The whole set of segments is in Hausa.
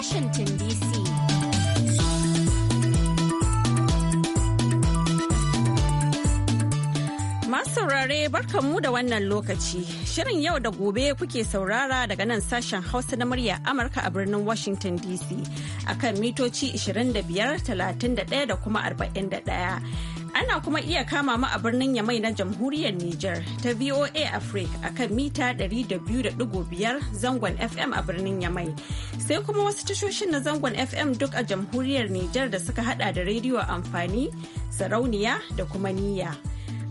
Washington DC. Masu saurare barkanmu da wannan lokaci. Shirin yau da gobe kuke saurara daga nan sashen Hausa na murya Amurka a birnin Washington DC akan mitoci 25, 31 da kuma 41. Ana kuma iya kama mu a birnin Yamai na Jamhuriyar Nijar ta VOA Africa a kan mita 200.5 zangon FM a birnin Yamai. Sai kuma wasu tashoshin na zangon FM duk a Jamhuriyar Nijar da suka hada da rediyo amfani, sarauniya da kuma niyya.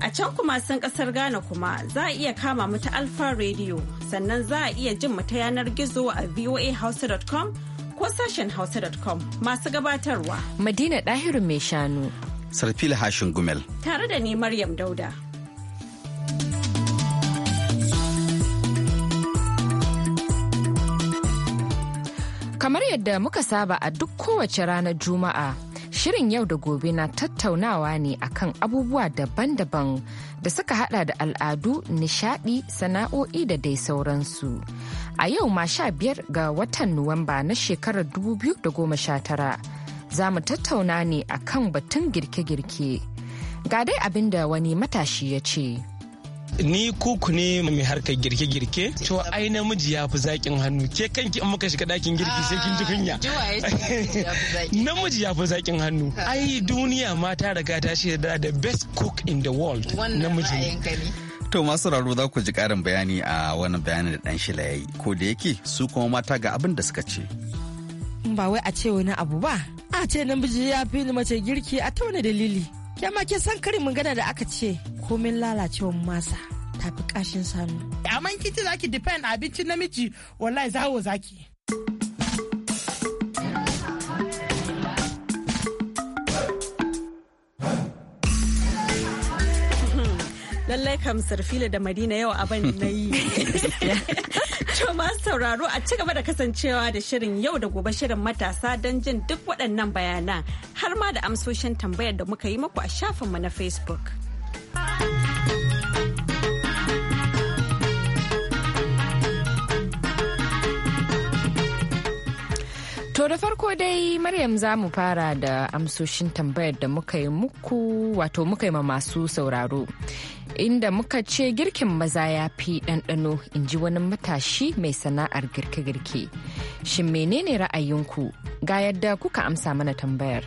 A can kuma sun kasar Ghana kuma za a iya kama mu ta Alfa Radio sannan za a iya jin mu ta yanar gizo a voahausa.com ko sashen hausa.com masu gabatarwa. Madina ɗahirin mai shanu. sarfila hashin gumel tare da ni maryam dauda kamar yadda muka saba a duk kowace ranar juma'a shirin yau da gobe na tattaunawa ne akan abubuwa daban-daban da suka hada da al'adu nishadi sana'o'i da dai sauransu a yau ma sha biyar ga watan nuwamba na shekarar 2019 za mu tattauna ne a kan batun girke-girke. Ga dai abin da wani matashi ya ce. ni kuku ne mai harkar girke-girke to ai namiji ya fi zaƙin hannu ke kanki in muka shiga ɗakin girki sai kin ji ah, kunya namiji ya fi zaƙin hannu ai duniya ma ta riga ta da the best cook in the world namiji To masu raro za ku ji ƙarin bayani a wani bayanin da ɗan shila ya yi ko da yake su kuma mata ga abin da suka ce. Ba wai a ce wani abu ba a ce namiji ya fi ni mace girki a ta wani dalili kyamma ma ke san karin magana da aka ce komin lalacewa masa tafi kashin sanu amma kiti zaki depend abincin namiji wallahi zawo zaki lallai kam sarfila da madina yau abin na yi To masu sauraro a ci gaba da kasancewa da shirin yau da gobe shirin matasa don jin duk waɗannan bayanan har ma da amsoshin tambayar da muka yi maku a shafinmu na Facebook. To da farko dai Maryam za mu fara da amsoshin tambayar da muka yi muku wato muka yi ma masu sauraro. Inda muka ce girkin maza ya fi ɗanɗano in ji wani matashi mai sana'ar girke-girke. Shin menene ra'ayinku ga yadda kuka amsa mana tambayar?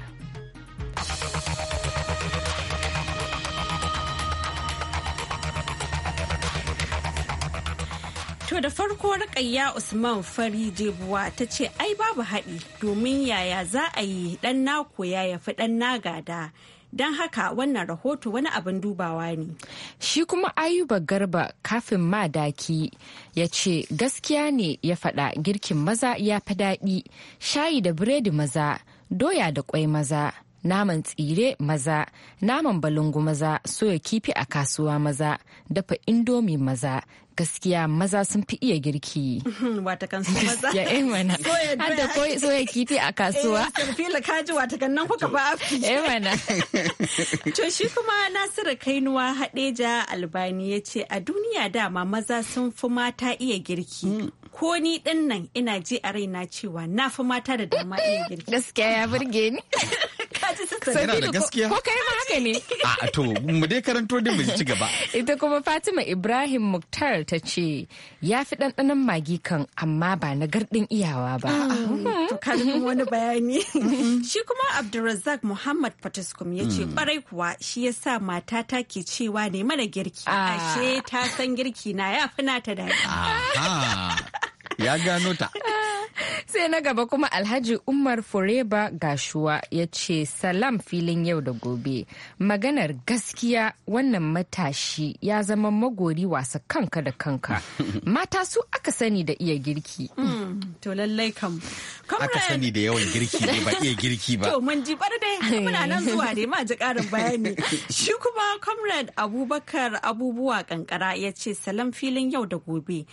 da farko rakayya Usman Fari Jebuwa ta ce ai babu haɗi domin yaya za a yi ɗan na koya ya fi ɗan na gada. Don haka wannan rahoto wani abin dubawa ne. Shi kuma Ayuba Garba kafin ma daki ya ce gaskiya ne ya faɗa girkin maza ya fi daɗi, shayi da biredi maza, doya da kwai maza. naman tsire maza naman balungu maza soya kifi a kasuwa maza dafa indomi maza gaskiya maza sun fi iya girki watakan su maza ya yi eh, mana har da soya kifi a kasuwa eh fila kaji watakan nan kuka ba afi yi eh, mana to shi kuma Nasiru Kainuwa Hadeja Albani ya ce, a duniya dama maza sun fi mata iya girki mm. ko ni din nan ina ji a raina cewa na fi mata da dama iya girki gaskiya ya burge ni Yana da gaskiya. Ko kai ma haka ne. A to mu dai karanto din mu ci gaba. Ita kuma Fatima Ibrahim Muktar ta ce ya fi ɗanɗanon magi kan amma ba na gardin iyawa ba. Ah, ah. Mhm. To kalmin wani bayani. Mhm. Shi kuma Abdulrazak Muhammad Fatiskum ya ce kwarai mm. kuwa shi ya sa matata ke cewa ne mana girki. Ah. Ashe ta san girki na ya fi nata daɗi. ya gano ta sai na gaba kuma alhaji umar fureba gashuwa ya ce salam filin yau da gobe maganar gaskiya wannan matashi ya zama magori wasa kanka da kanka mata su aka sani da iya girki hmm. to lallai kam aka sani da yawan girki ne ba iya girki ba to mun bar dai muna nan zuwa dai ma ji karin bayani shi kuma comrade abubakar abubuwa kankara ya ce salam filin yau da gobe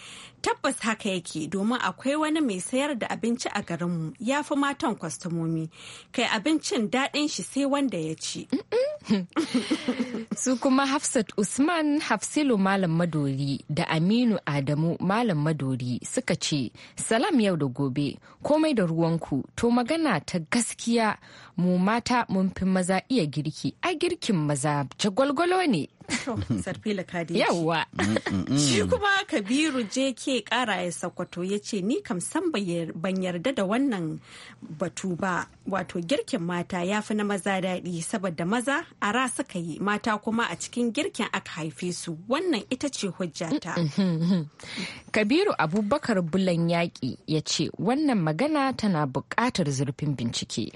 tabbas haka yake domin akwai wani mai sayar da abinci a garinmu ya fi matan kwastomomi kai abincin daɗin shi sai wanda ya ci su kuma hafsat usman hafsilu malam madori da aminu adamu malam madori suka ce salam yau da gobe komai da ruwanku to magana ta gaskiya mu mata mun fi maza iya girki a girkin maza jagwalgwalo ne sarfila kadi yawa shi kuma kabiru jk kara ya sakwato ya ce ni kam san ban yarda da wannan batu ba wato girkin mata ya fi na maza daɗi saboda maza a ra suka yi mata kuma a cikin girkin aka haife su wannan ita ce hujjata mm-hmm, mm-hmm. kabiru abubakar bulan yaƙi ya ce wannan magana tana buƙatar zurfin bincike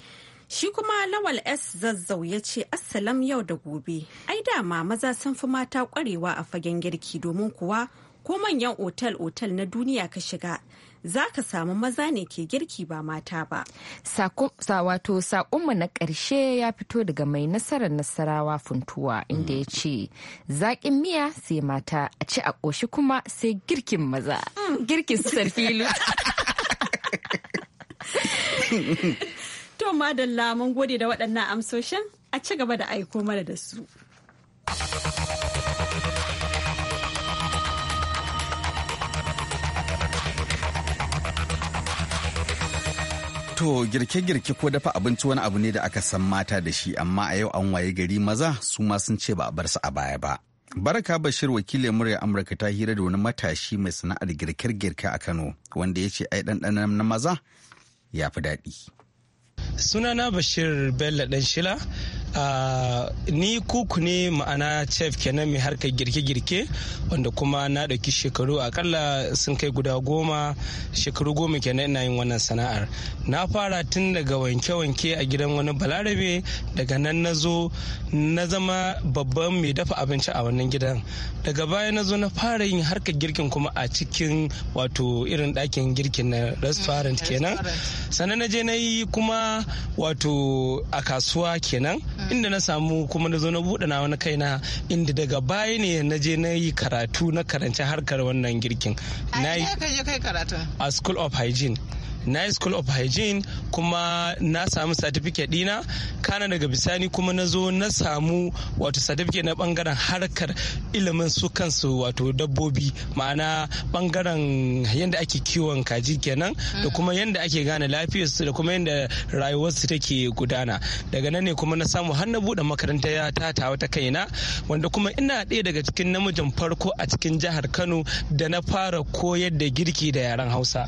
Shi kuma Lawal S zazzau ya ce Assalam yau da gobe. Ai dama maza sun fi mata kwarewa a fagen girki domin kuwa ko manyan otal-otal na duniya ka shiga. Za ka samu maza ne ke girki ba mata ba. Wato saƙonmu na ƙarshe ya fito daga mai nasarar nasarawa funtuwa inda ya ce, zaƙin miya sai mata, a ci a ƙoshi kuma sai girkin maza. Mm. Girkin To madalla mun gode da waɗannan amsoshin a ci gaba da aiko mana da su. To girke-girke ko dafa abinci wani abu ne da aka san mata da shi amma a yau an waye gari maza su ma sun ce ba a bar su a baya ba. Baraka Bashir wakilin murya Amurka ta hira da wani matashi mai sana'ar girke-girke a Kano wanda ya ce ai ɗanɗanan na maza ya fi daɗi. sunana bashir bello dan shila Uh, ni kuku ne ma'ana chef kenan mai harkar girke-girke wanda kuma na ɗauki shekaru akalla sun kai guda goma shekaru goma kenan ina yin wannan sana'ar na fara tun daga wanke-wanke a gidan wani balarabe daga nan na zo na zama babban mai dafa abinci a wannan gidan daga baya na zo na fara yin harkar girkin kuma a cikin wato irin ɗakin girkin na restaurant mm, kenan sannan na je na yi kuma wato a kasuwa kenan inda na samu kuma na zo na buɗe na wani kaina inda daga baya ne na je na yi karatu na karanci harkar wannan girkin yi a school of hygiene na school of hygiene kuma na samu certificate dina kana daga bisani kuma na zo na samu wato certificate na bangaren harkar ilimin su kansu wato dabbobi ma'ana bangaren yadda ake kiwon kaji kenan da kuma yadda ake gane su da kuma yadda rayuwarsu take gudana daga nan ne kuma na samu har na buɗe makaranta ya ta wata kaina wanda kuma ina ɗaya daga cikin namijin farko a cikin jihar kano da na fara koyar da girki da yaren hausa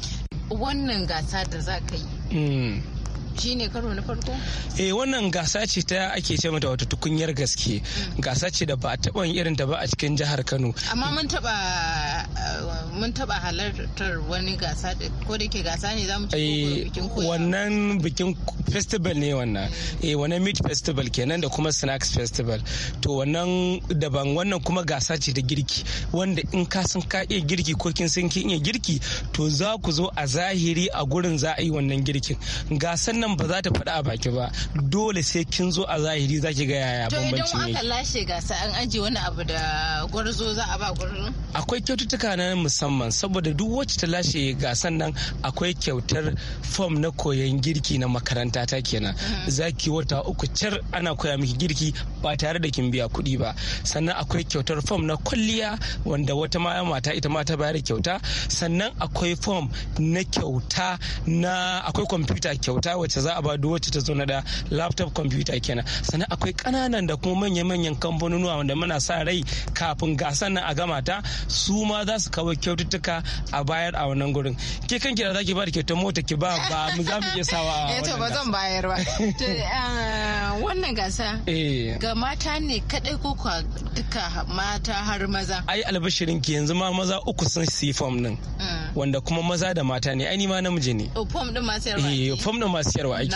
wannan gasa da za ka yi hmm. shi ne karo na farko eh wannan gasa ce ta ake ce mata wata tukunyar gaske mm. gasa ce da ba a taba irin ta ba a cikin jihar Kano amma mun taba uh, mun taba halartar wani gasa ko da ke gasa ne zamu ci eh, bikin koya wannan bikin festival ne wannan mm. eh wannan meat festival kenan da kuma snacks festival to wannan daban wannan kuma gasa ce ta girki wanda in ka san ka iya girki ko kin san kin iya girki to za ku zo a zahiri a gurin za a yi wannan girkin gasan wannan ba za ta faɗa a baki ba dole sai kin zo a zahiri zaki ga yaya bambanci ne To idan aka lashe gasa an aje wani abu da gwarzo za a ba gwarzo? Akwai kyaututtuka na musamman saboda duk wacce ta lashe gasan nan akwai kyautar fom na koyon girki na makaranta ta kenan. Mm-hmm. zaki wata uku car ana koya miki girki ba tare da kin biya kuɗi ba. Sannan akwai kyautar fom na kwalliya wanda wata ma mata ita ma ta bayar kyauta. Sannan akwai fom na kyauta na akwai kwamfuta kyauta wacce za a ba duk wacce ta zo na da laptop computer kenan sannan akwai kananan da kuma manya-manyan kamfanonuwa wanda muna sa rai kafin gasar nan a gama ta su ma za su kawo kyaututtuka a bayar a wannan gurin ke kanki da zaki ba da kyautar mota ki ba ba mu za mu iya sawa eh to ba zan bayar ba eh, wannan gasa eh. ga mata ne kadai ko kwa duka mata har maza ai albashirin ki yanzu ma maza uku sun sifom din mm. wanda kuma maza da mata ne aini ma namiji ne oh, fom din masu yarwa eh fom din masu yarwa ake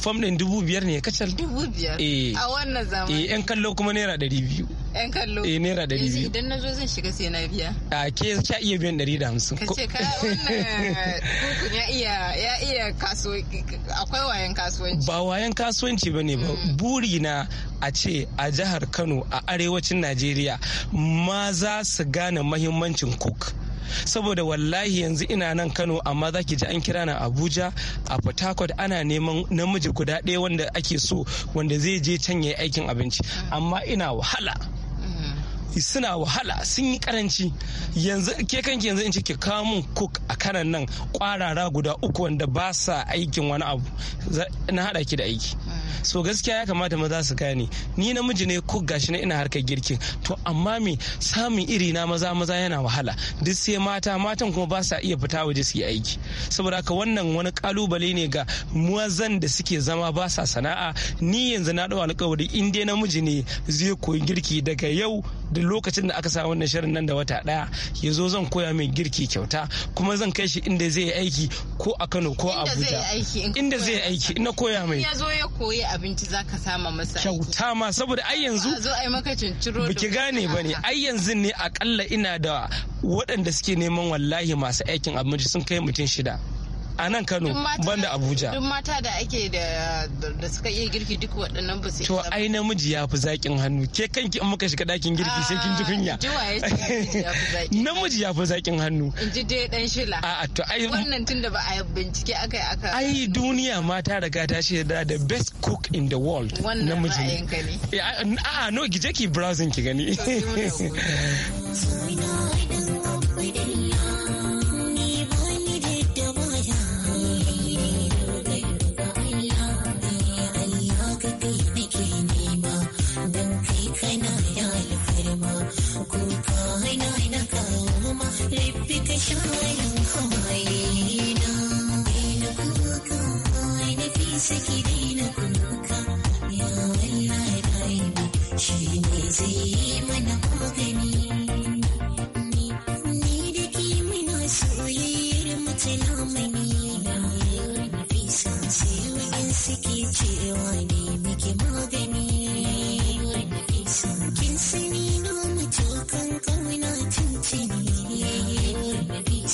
fom din dubu biyar ne kacal dubu biyar eh. a wannan zamani eh yan kallo kuma naira dari biyu yan kallo eh naira dari biyu idan na zo zan shiga sai na biya a ke ka iya biyan dari da hamsin ka ce ka wannan kukun ya iya ya iya kasuwanci akwai wayan kasuwanci ba wayan kasuwanci ba ne ba mm. buri na a ce a jihar kano a arewacin najeriya maza su gane mahimmancin cook saboda wallahi yanzu ina nan kano amma za ki ji an kira na abuja a port harcourt ana neman namiji guda ɗaya wanda ake so wanda zai je can ya aikin abinci amma ina wahala suna wahala sun yi karanci yanzu ke kanki yanzu in ce ki kawo mun cook a kanan nan kwarara guda uku wanda ba sa aikin wani abu na hada ki da aiki so gaskiya ya kamata maza su gane ni namiji ne cook gashi na ina harkar girkin to amma me samun iri na maza maza yana wahala duk sai mata matan kuma ba sa iya fita waje su yi aiki saboda haka wannan wani kalubale ne ga muwazan da suke zama ba sa sana'a ni yanzu na dau alƙawari in dai namiji ne zai koyi girki daga yau duk lokacin da aka sa wannan shirin nan da wata daya ya zo zan koya mai girki kyauta kuma zan kai shi inda zai yi aiki ko a Kano ko a Abuja inda zai aiki ina koya mai ya zo ya koyi abinci zaka sama masa kyauta ma saboda ai yanzu zo ai maka cinciro biki gane bane ai yanzu ne akalla ina da waɗanda suke neman wallahi masu aikin abinci sun kai mutum shida a nan Kano banda Abuja duk mata da ake da da suka iya girki duk waɗannan ba su to ai namiji ya fi zakin hannu ke kanki in muka shiga dakin girki sai kin ji ah, kunya namiji ya fi zakin hannu in ji dai dan shila a to ai wannan tunda ba a bincike aka yi aka ai duniya ma ta riga ta ce da the best cook in the world namiji ne a no ki ki browsing ki gani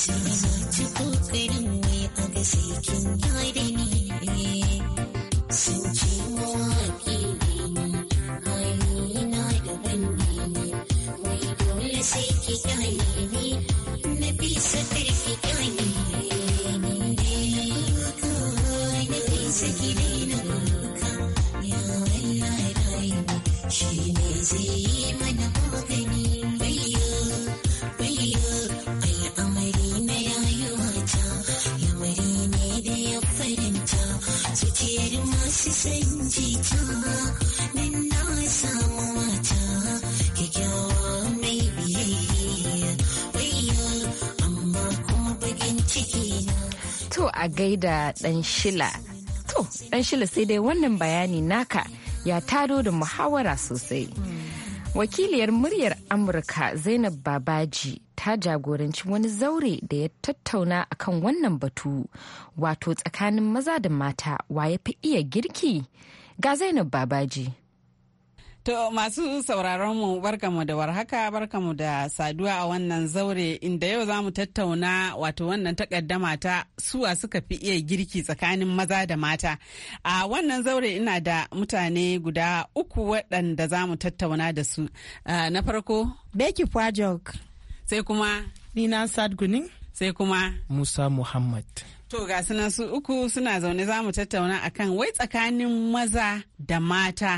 Jones. gaida dan shila to dan shila sai dai wannan bayani naka ya tado da muhawara sosai wakiliyar muryar amurka zainab babaji ta jagoranci wani zaure da ya tattauna akan wannan batu wato tsakanin maza da mata wa ya fi iya girki ga zainab babaji To masu sauraron mu barkamu da warhaka barkamu da saduwa a wannan zaure inda yau zamu tattauna wato wannan takaddama ta suwa suka fi iya girki tsakanin maza da mata. A wannan zaure ina da mutane guda uku waɗanda zamu tattauna da su. Na farko Becky Fajok. Sai kuma Nina sadguni. Sai kuma Musa Muhammad. To ga sunan su uku suna zaune za mu tattauna akan wai tsakanin maza da mata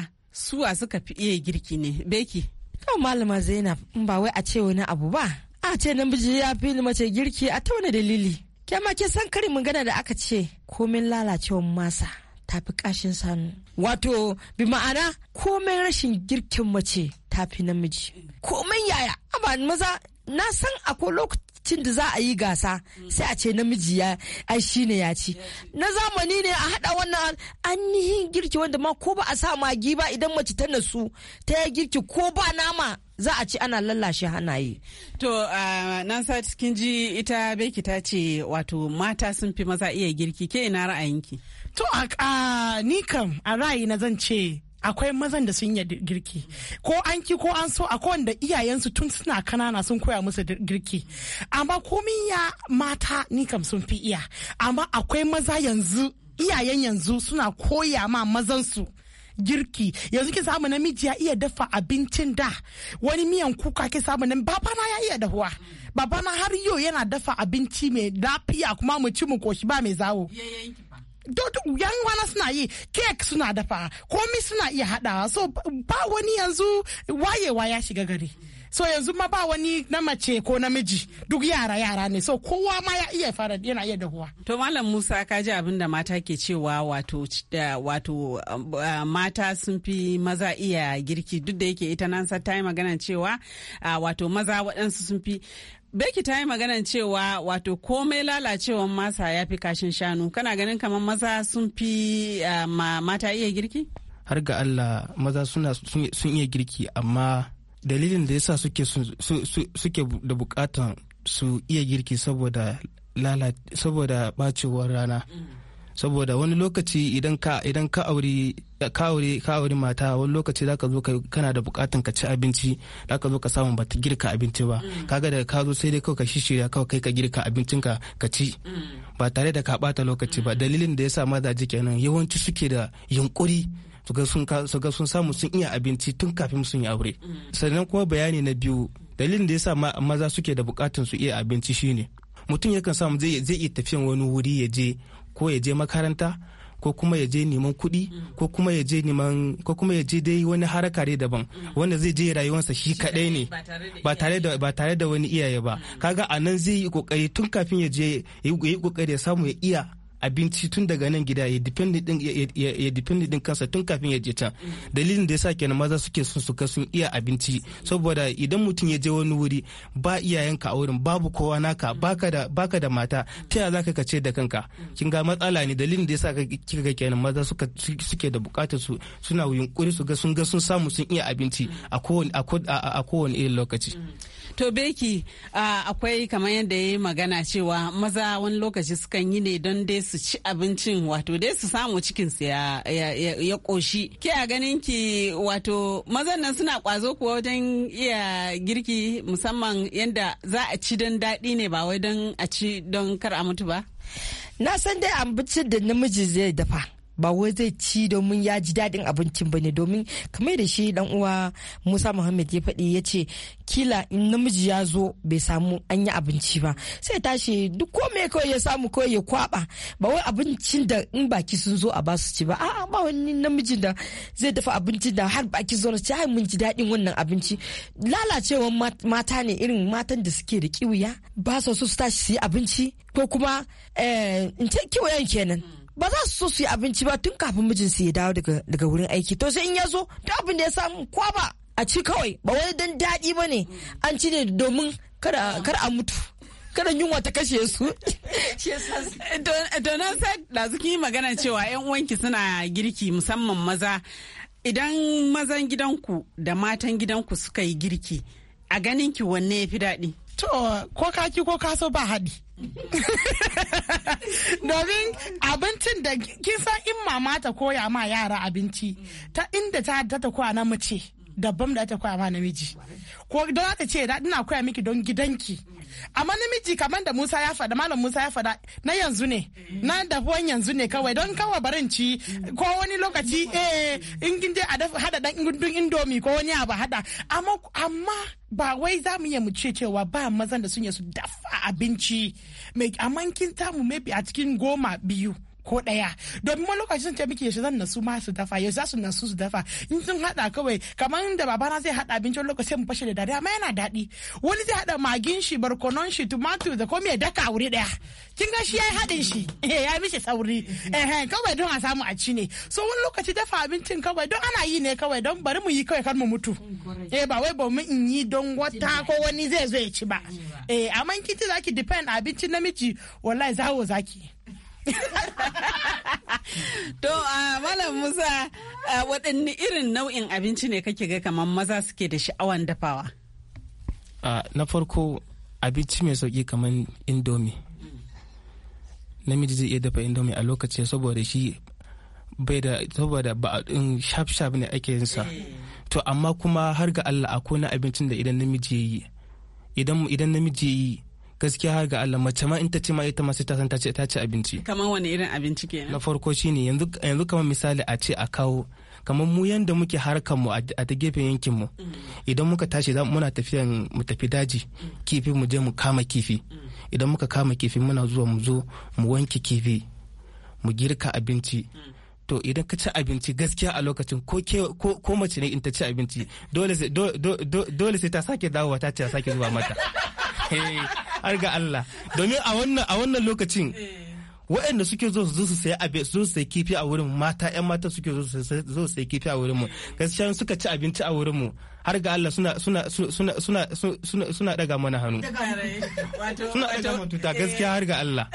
suwa suka fi iya girki ne beki kan malama zainab in ba wai a ce wani abu ba a ce namiji ya fi mace girki a ta wani dalili ke ma ke san karin magana da aka ce komin lalacewan masa tafi kashin sanu wato bi ma'ana komai rashin girkin mace tafi namiji komai yaya amma maza na san akwai lokacin da za a yi gasa sai a ce namiji ya ai shine ya ci na zamani ne a haɗa wannan ainihin girki wanda ma ko ba a sa magi ba idan mace ta nasu ta yi girki ko ba nama za a ci ana lallashe hannaye. To nan sa kin ji ita beki ta ce wato mata sun fi maza iya girki ke ina ra'ayinki? To a ni kam a ra'ayi na zan ce akwai mazan da sun yi girki ko an ki ko an so akwai wanda iyayensu tun suna kanana sun koya musu girki amma komin ya mata ni kam sun fi iya amma akwai maza yanzu iyayen yanzu suna koya ma mazansu girki yanzu ki samu namiji ya iya dafa abincin da wani miyan kuka ki samu nan babana ya iya dahuwa babana har yau yana dafa abinci mai lafiya kuma mu ci mu koshi ba mai zawo Duk yan wana suna yi kek suna dafa komi suna iya haɗawa so ba wani yanzu wayewa ya shiga gari so yanzu ma ba wani na mace ko namiji duk yara yara ne so kowa ma ya iya fara yana iya dahuwa to malam musa ka ji abin da mata ke cewa wato wato eh, mata sun fi maza iya girki duk da yake ita nan sa ta yi magana cewa ah, wato maza waɗansu sun fi Beki ta yi maganan cewa wato komai lalacewan masa ya fi kashin shanu kana ganin kamar maza sun fi eh, ma, mata iya girki? Har ga Allah maza sun iya girki amma dalilin da yasa suke suke da bukatan su iya girki saboda bacewar rana. Mm. saboda wani lokaci idan ka idan ka aure ka aure ka aure mata wani lokaci zaka zo kana da bukatun ka ci abinci zaka zo ka samu bata girka abinci ba mm. kaga daga ka zo sai dai kawai ka shishirya kawai kai ka girka abincin ka ka ci mm. ba tare da ka bata lokaci ba mm. dalilin da yasa mazaje kenan yawanci suke da yunkuri su ga sun samu sun iya abinci tun kafin sun yi aure sannan kuma bayani na biyu dalilin da yasa maza suke da bukatun su iya abinci shine mutum yakan samu zai iya tafiyan wani wuri ya je ko ya je makaranta ko kuma ya je neman kuɗi ko kuma ya je neman ko kuma ya je dai wani haraka dai daban wanda zai je rayuwarsa shi kaɗai ne ba tare da ba tare da wani iyaye ba mm. kaga a nan zai yi kokari tun kafin ya je yi kokari ya samu ya iya abinci tun daga nan gida ya depend din kansa tun kafin ya je can dalilin da yasa kenan maza suke son su kasu iya abinci saboda idan mutum ya je wani wuri ba iyayenka a wurin babu kowa naka baka da baka da mata ta yaya zaka kace da kanka kin ga matsala ne dalilin da yasa kika ga kenan maza suka suke da bukatar su suna yunkuri su ga sun ga sun samu sun iya abinci a kowane a kowane irin lokaci to beki akwai kamar yadda ya magana cewa maza wani lokaci sukan yi ne don dai su ci abincin wato dai su samu cikin su ya ya koshi ke a ganin ki wato mazan nan suna kwazo kuwa wajen iya girki musamman yadda za a ci don daɗi ne ba wai don a ci don kar a mutu ba na san dai abincin da namiji zai dafa ba wai zai ci domin ya ji daɗin abincin ba ne domin kamar da shi dan uwa musa muhammad ya faɗi ya ce kila in namiji ya zo bai samu an yi abinci ba sai tashi duk ko me kawai ya samu kawai ya kwaba ba wai abincin da in baki sun zo a basu ci ba a'a ba wani namiji da zai dafa abincin da har baki zo ci ai mun ji daɗin wannan abinci lalacewan mata ne irin matan da suke da kiwiya ba su su tashi su yi abinci ko kuma eh, in ce kiwayen kenan ba za su so su yi abinci ba tun kafin mijinsu ya dawo daga wurin aiki to sai in ya zo ta abin da ya samu kwaba a ci kawai ba wani dan daɗi ba ne an ci ne domin kar a mutu kada yunwa ta kashe su. Donan sai da suke magana cewa 'yan uwanki suna girki musamman maza idan mazan gidanku da matan gidanku suka yi girki a ganinki wanne ya fi daɗi. To ko kaki ko kaso ba haɗi. domin abincin da kisa in mama ta koya ma yara abinci ta inda ta ta koya na mace daban da ta koya ma namiji ko don ta ce ina koya miki don gidanki amma namiji kamar da Musa ya faɗa malam Musa ya faɗa na yanzu ne na dafuwan yanzu ne kawai don kawai barin ci ko wani lokaci eh in kin je a dafa hada dan gundun indomi ko wani abu hada amma amma ba wai za mu iya mu ce cewa ba mazan da sun yi su dafa abinci amma kin tamu maybe a cikin goma biyu ko ɗaya domin wani lokacin ce miki yaushe zan nasu ma su dafa yaushe za su nasu su dafa in sun haɗa kawai kamar da babana zai haɗa abincin lokaci lokacin mu fashe da dare amma yana daɗi wani zai haɗa magin shi barkonon shi tumatur da komai daka a wuri ɗaya kin ga shi ya yi haɗin shi eh, ya yi mishi sauri kawai don a samu a ci ne so wani lokaci dafa abincin kawai don ana yi ne kawai don bari mu yi kawai kar mu mutu eh ba wai ba mu in yi don wata ko wani zai zo ya ci ba eh amma kiti zaki depend abincin namiji wallahi zawo zaki to malam musa waɗanne irin nau'in abinci ne kake ga kamar maza suke da sha'awan dafawa na farko abinci mai sauki kamar indomi namiji zai iya dafa indomi a lokaci saboda shi bai da saboda ba in shaf shaf ne ake yin sa to amma kuma har ga Allah akwai na abincin da idan namiji ya yi. idan namiji yayi gaskiya har ga Allah mace ma in ta ce ma ita ma sai ta san ta ce ta ci abinci kamar wani irin abinci ke. na farko shi yanzu yanzu kamar misali a ce a kawo kamar mu yanda muke harkar mu a ta gefen yankin mu mm. idan muka tashi muna tafiyan mu tafi daji mm. kifi mu je mu kama kifi mm. idan muka kama kifi muna zuwa mu zo mu wanke kifi mu girka abinci to idan ka ci abinci gaskiya a lokacin ko mace ne in ta ci abinci dole sai ta sake dawowa ta ce sake zuwa mata eh, har ga Allah domin a wannan a wannan lokacin waɗanda suke zo su zo su sayi abin su sayi kifi a wurin mata ƴan mata suke zo su zo sayi kifi a wurin mu gaskiya suka ci abinci a wurin mu har ga Allah suna suna suna suna suna suna daga mana hannu suna daga mana tuta eh. gaskiya har ga Allah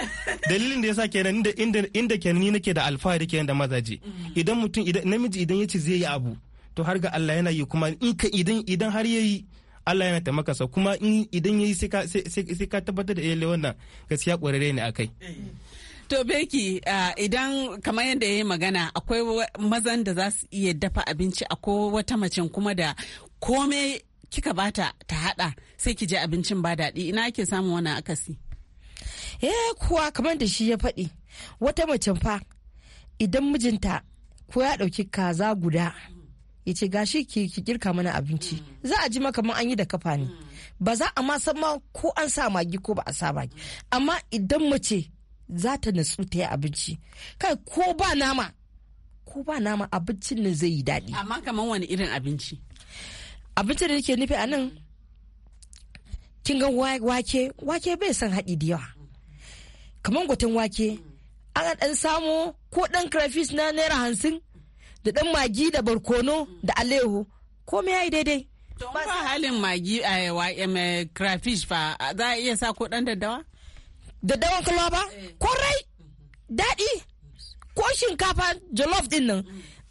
dalilin da yasa kenan inda inda inda kenan ni nake da alfahari kenan da mazaje mm. idan mutum idan namiji idan yace zai yi abu to har ga Allah yana yi kuma in ka idan idan har yayi Allah yana taimaka sa kuma idan yayi sai sai ka tabbatar da eh wannan gaskiya kwararre ne akai To Beki idan kamar yadda ya yi magana akwai mazan da za su iya dafa abinci akwai wata mace kuma da komai kika bata ta hada sai ki je abincin ba daɗi ina ake samun wannan akasi. Eh kuwa kamar da shi ya faɗi wata mace fa idan mijinta ko ya ɗauki kaza guda ya ce gashi ki kirka mana abinci mm. za a ji maka man an yi da kafa ne mm. ba za a ma san ma ko an sa magi ko ba a sa magi amma idan mace za ta natsu ta yi abinci kai ko ba nama ko ba nama abincin nan zai yi daɗi amma kamar wani irin abinci abincin da nake nufi a nan kin ga wake wake bai san haɗi da yawa kamar gwatin wake mm. an ɗan samo ko ɗan crayfish na naira hamsin da dan magi da barkono da alehu komai yayi daidai to ba halin magi eh, a eh, crayfish fa za iya sa ko dan daddawa daddawan kalwa ba eh. korai daɗi ko shinkafa jollof din nan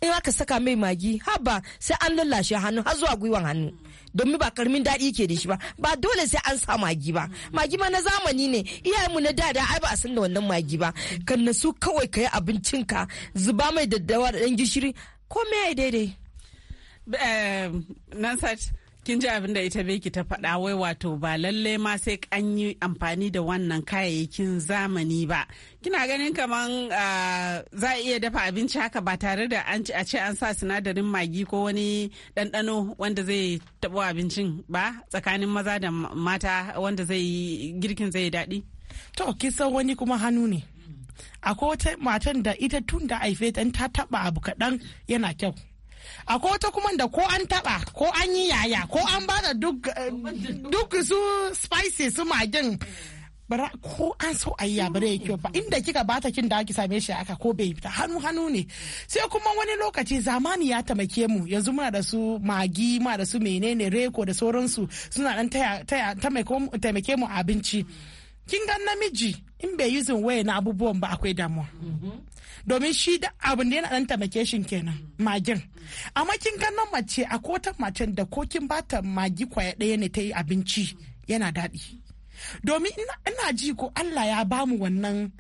in aka saka mai magi haba sai an lallashe hannu har zuwa gwiwan hannu domin ba karmin daɗi ke da shi ba ba dole sai an sa magi ba magi ma na zamani ne iyayen mu na da da ai ba a san da wannan magi ba kan na su kawai ka yi ka zuba mai daddawa da dan gishiri ko me daidai. Eh, sai kin ji abin da ita beki ta faɗa wai wato ba lalle ma sai an yi amfani da wannan kayayyakin zamani ba kina ganin kaman ah, za a iya dafa abinci haka ba tare da an ci a ce an sa sinadarin magi ko wani ɗanɗano wanda zai taɓo abincin ba tsakanin maza da mata wanda zai girkin zai daɗi to kisan wani kuma hannu ne akwai wata matan da ita tun da aife ta taɓa abu kaɗan yana kyau akwai wata kuma da ko an taba ko an yi yaya ko an bada duk eh, duk su spices su magin bara ko an so a ya bare kyau ba inda kika bata kin da ki same shi aka ko bai fita hannu hannu ne sai kuma wani lokaci zamani ya tamake mu yanzu muna da su magi muna da su menene reko da sauransu suna dan taimake mu abinci kin ga namiji in bai yi yuzin waya na abubuwan ba akwai damuwa mm-hmm. domin shi da abin da yana dan tamake shi kenan magin amma kin ga nan mace a kotan macen da ko kin bata magi kwaya ɗaya ne ta yi abinci yana daɗi domin ina ji ko Allah ya bamu wannan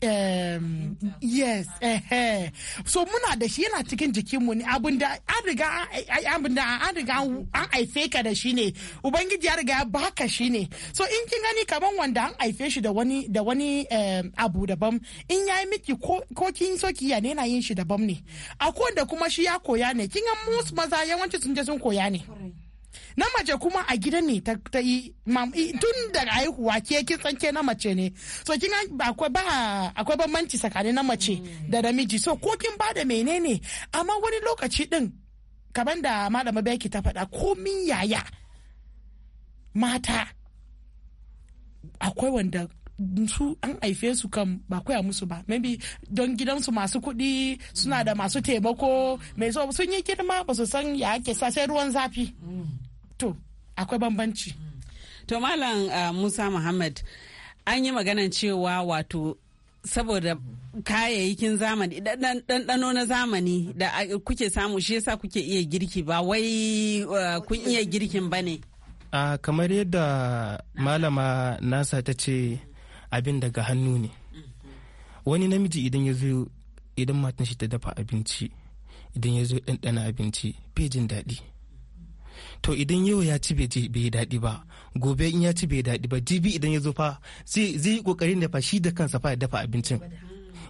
Um, yes eh, so muna da shi yana cikin jikinmu ne abin da an riga an aife ka da shi ne ubangiji ya riga ya baka shi ne so in kin gani kaman wanda an aife shi da wani da wani abu daban in yayi miki ko kin so ki ne yana yin shi daban ne akwai da kuma shi ya koya ne kin ga musu maza yawanci sun je sun koya ne na mace kuma a gidan ne ta yi tun daga haihuwa ke kitsan na mace ne so kin akwai ba akwai bambanci tsakanin na mace mm. da namiji so ko kin ba da menene amma wani lokaci din kaban da malama baki ta faɗa komin yaya mata akwai wanda su an haife su kan ba koya musu ba maybe don gidansu masu kuɗi suna da masu taimako mai so sun yi girma ba su san ya ake sa sai ruwan zafi to akwai bambanci to malam uh, musa muhammad an yi maganan cewa wato saboda kayayyakin zamani ɗanɗano na zamani da uh, kuke samu shi yasa kuke iya girki ba wai uh, kun iya girkin ba ne ah, kamar yadda malama nasa ta ce abin daga hannu ne wani namiji idan ya zo idan matan shi ta dafa abinci idan ya zo ɗanɗana abinci bai jin daɗi to idan yau ya ci bai yi daɗi ba gobe in ya ci bai daɗi ba jibi idan ya zo fa zai yi da dafa shi da kansa fa ya dafa abincin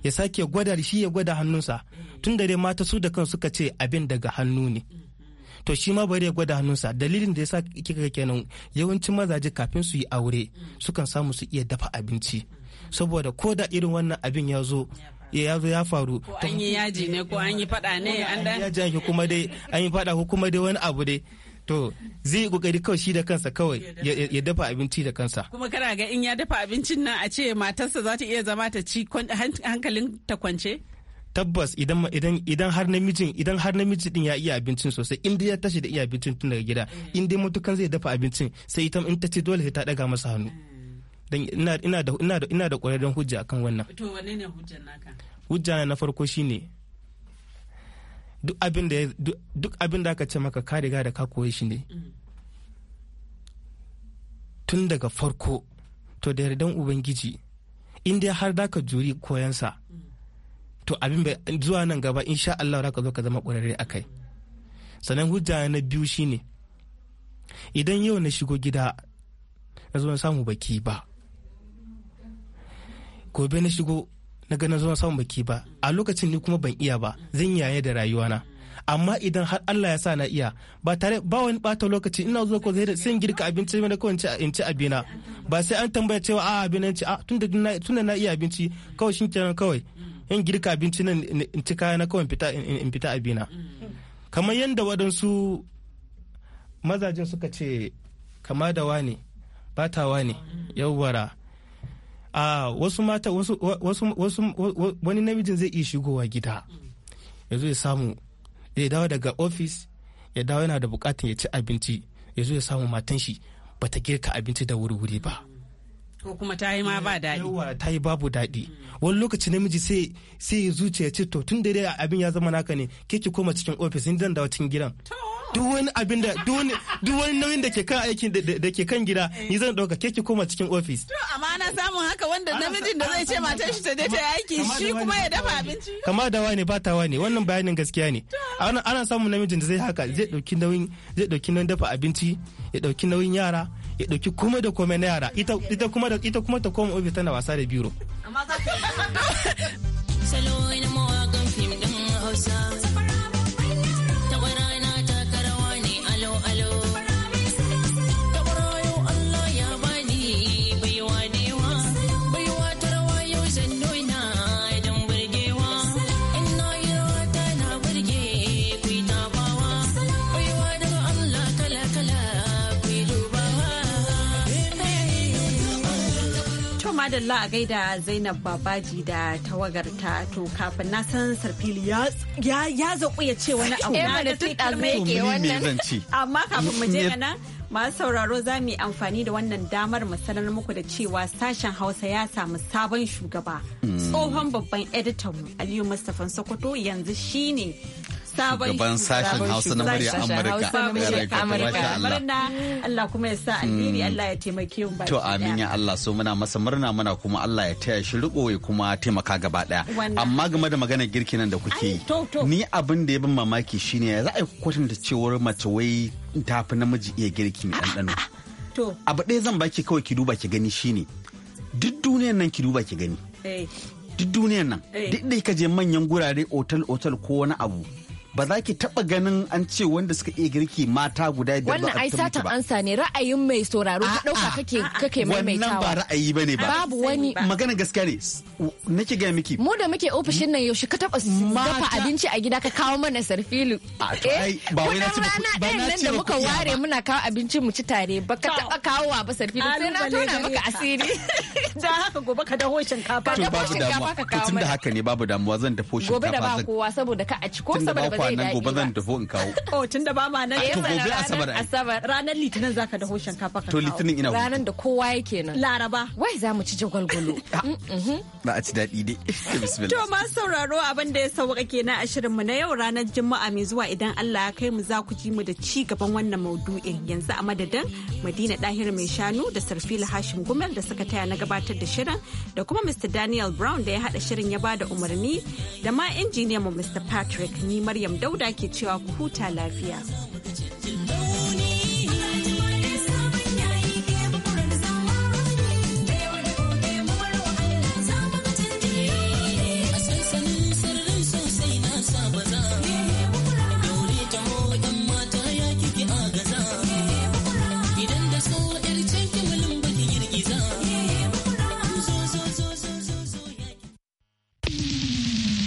ya sake gwada shi ya gwada hannunsa tun da dai mata su da kansu suka ce abin daga hannu ne to shi ma bari ya gwada hannunsa dalilin da yasa kika kenan yawancin mazaje kafin su yi aure sukan samu su iya dafa abinci saboda ko da irin wannan abin ya zo ya zo ya faru ko an yi yaji ne ko an yi fada ne an dan yaji ne kuma dai an yi fada ko kuma dai wani abu dai to zai yi kokari kawai shi da kansa kawai ya dafa abinci da kansa kuma kana ga in ya dafa abincin nan a ce matarsa za ta iya zama ta ci hankalin ta kwance tabbas idan idan idan har namijin idan har namiji din ya iya abincin sosai in dai ya tashi da iya abincin tun daga gida in dai mutukan zai dafa abincin sai ita in ta ci dole sai ta daga masa hannu dan ina ina da ina da ina da ƙwararren hujja akan wannan to wanne ne hujjar naka hujja na farko shine duk abin da duk abin da aka ce maka ka riga da ka koyi shi ne tun daga farko to da yardan ubangiji in dai har da ka juri koyansa mm. to abin zuwa nan gaba insha Allah za ka zo ka zama ƙwararre a kai sannan hujja na biyu shine idan yau na shigo gida na zo na samu baki ba gobe na shigo na ga na zo na samu baki ba a lokacin ni kuma ban iya ba zan yaye da rayuwana amma idan har Allah ya sa na iya ba tare ba wani bata lokaci ina zuwa ko zai sai girka abinci mai ko in ci abina ba sai an tambaya cewa a abin ci a tunda na iya abinci kawai shin kenan kawai yan girka abinci nan in ci kaya na kawai in fita abina kamar yadda waɗansu mazajen suka ce kama da wane bata ne yawara a wasu mata wani namijin zai iya shigowa gida ya zo ya samu ya dawo daga ofis ya dawo yana da bukatan ya ci abinci ya zo ya samu matan shi bata girka abinci da wuri-wuri ba ko kuma ta yi ma ba eh, daɗi yawa ta yi babu daɗi wani lokaci namiji sai sai ya ce to tun da dai abin ya zama naka ne ke ki koma cikin ofis in zan dawo cikin gidan duk wani abin da duk wani nauyin da ke kan aiki da ke kan gida ni zan dauka ke ki koma cikin ofis to amma ana samun haka wanda namijin da zai ce matar shi ta je ta aiki shi kuma ya dafa abinci kama da wani ba ta wani wannan bayanin gaskiya ne ana samun namijin da zai haka zai dauki nauyin zai dauki nauyin dafa abinci ya dauki nauyin yara ya ɗauki komai da komai na yara ita kuma ita kuma ta koma ofis tana wasa da biro salo mawa mawakan fim din Hausa madalla a gaida zainab babaji da tawagarta to kafin na san sarfili ya zaɓu ya ce wani abu eh, na da ke wannan amma kafin mu je nan masu sauraro za mu yi amfani da wannan damar mu sanar muku da cewa sashen hausa ya samu sabon shugaba hmm. tsohon babban editan aliyu mustapha sokoto yanzu shine shugaban sashen Hausa na murya Amurka. Allah kuma ya sa alheri mm. Allah ya taimake mu To amin ya Allah so muna masa murna muna kuma Allah ya taya shi riko ya kuma taimaka gaba daya. Amma game da maganar girki nan da kuke yi. Ni abin da ya bin mamaki shine ya za a kwatanta cewar mace wai tafi namiji iya girki mai ɗanɗano. Abu ɗaya zan baki kawai ki duba ki gani shine duk duniyar nan ki duba ki gani. Eh. duk duniyar nan eh. duk da ka je manyan gurare otal otal ko wani abu ba za ki taba ganin an ce wanda suka iya girki mata guda biyar ba wannan ai satan ansa ne ra'ayin mai sauraro ka dauka kake kake maimaitawa wannan ba ra'ayi bane ba babu wani magana gaskiya ne nake ga miki mu da muke ofishin nan yaushe ka taba dafa abinci a gida ka kawo mana sarfilu eh ba wai na ci ba na ci muka ware muna kawo abincin mu ci tare ba ka taba wa ba sarfilu sai na tona maka asiri da haka gobe ka dawo shinkafa ka dawo shinkafa ka kawo mana tunda haka ne babu damuwa zan dafo shinkafa gobe da ba kowa saboda ka a ci ko saboda kwanan gobe zan tafi in kawo oh da ba ma nan eh, to gobe asabar asabar ranar litinin zaka dafo shinkafa ka to litinin ina ranar da kowa yake nan laraba wai za mu ci jagwalgwalo ba ah. mm, mhm. a ci daɗi dai to ma sauraro abin da ya sauka kenan a shirin mu na yau ranar juma'a mai zuwa idan Allah ya kai mu za ku ji mu da ci gaban wannan maudu'in yanzu a madadin Madina Dahir mai shanu da Sarfila Hashim Gumel da suka taya na gabatar da shirin da kuma Mr Daniel Brown da ya hada shirin ya bada umarni da ma injiniyan mu Mr Patrick ni Maryam Maryam Dauda ke cewa ku huta lafiya.